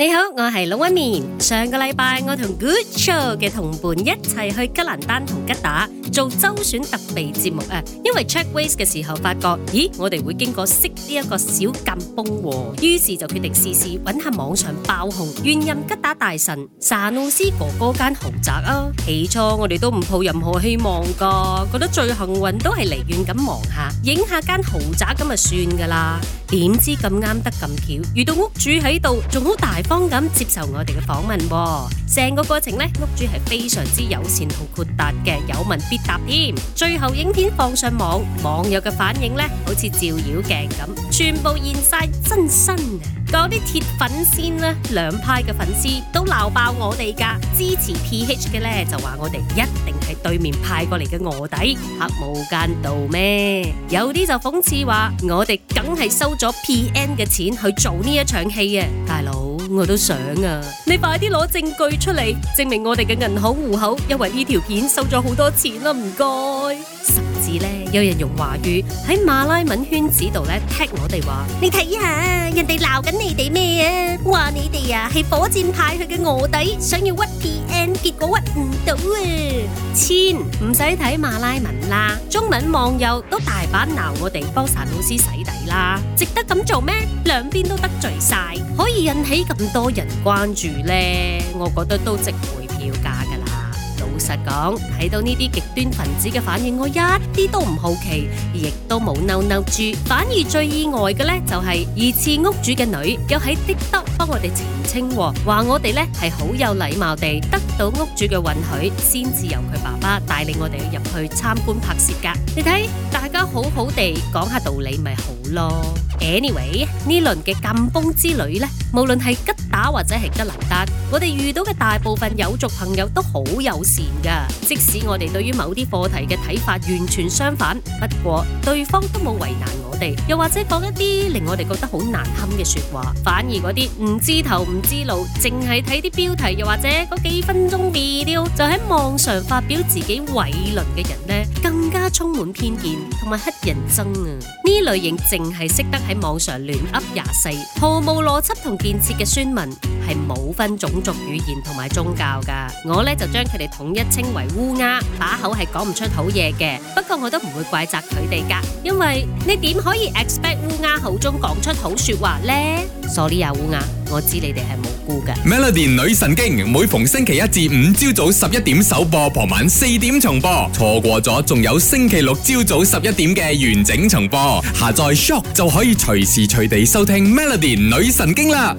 你好，我係龍紋敏。上個禮拜我同 Good Show 嘅同伴一齊去吉蘭丹同吉打做州選特備節目啊，因為 check ways 嘅時候發覺，咦，我哋會經過息呢一個小禁崩，於是就決定試試揾下網上爆紅原任吉打大臣沙努西哥哥間豪宅啊。起初我哋都唔抱任何希望噶，覺得最幸運都係離遠咁望下，影下間豪宅咁咪算噶啦。點知咁啱得咁巧，遇到屋主喺度，仲好大。方咁接受我哋嘅訪問，成個過程呢，屋主係非常之友善同豁達嘅，有問必答添。最後影片放上網，網友嘅反應呢，好似照妖鏡咁，全部現晒真身。嗰啲鐵粉先啦，兩派嘅粉絲都鬧爆我哋噶，支持 PH 嘅呢，就話我哋一定係對面派過嚟嘅臥底，黑無間道咩？有啲就諷刺話我哋梗係收咗 PN 嘅錢去做呢一場戲嘅，大佬。我都想啊！你快啲攞證據出嚟，證明我哋嘅銀行戶口因為呢條片收咗好多錢啦，啊！唔該。甚至咧，有人用華語喺馬拉文圈子度咧踢我哋話：你睇下人哋鬧緊你哋咩啊？哇。係火箭派去嘅卧底，想要屈 P N，結果屈唔到啊！千唔使睇馬拉文啦，中文網友都大把鬧我哋幫薩老師洗底啦，值得咁做咩？兩邊都得罪晒，可以引起咁多人關注呢。我覺得都值回票價噶啦。老實講，睇到呢啲極端分子嘅反應，我一啲都唔好奇，亦都冇嬲嬲住。反而最意外嘅咧，就係疑似屋主嘅女，又喺 TikTok 幫我哋澄清，話我哋咧係好有禮貌地得到屋主嘅允許，先至由佢爸爸帶領我哋入去參觀拍攝噶。你睇，大家好好地講下道理咪好咯。Anyway，呢輪嘅禁風之旅咧，無論係吉打或者係吉蘭丹，我哋遇到嘅大部分友族朋友都好有。即使我哋對於某啲課題嘅睇法完全相反，不過對方都冇為難我哋，又或者講一啲令我哋覺得好難堪嘅說話，反而嗰啲唔知頭唔知路，淨係睇啲標題又或者嗰幾分鐘 video 就喺網上發表自己偉論嘅人呢，更加充滿偏見同埋黑人憎啊！呢類型淨係識得喺網上亂噏廿四，毫無邏輯同建設嘅宣文係冇分種族、語言同埋宗教噶。我呢就將佢哋統統一稱為烏鴉，把口係講唔出好嘢嘅。不過我都唔會怪責佢哋㗎，因為你點可以 expect 烏鴉口中講出好說話呢？Sorry 啊，烏鴉，我知你哋係無辜嘅。Melody 女神經每逢星期一至五朝早十一點首播，傍晚四點重播，錯過咗仲有星期六朝早十一點嘅完整重播。下載 Shock 就可以隨時隨地收聽 Melody 女神經啦。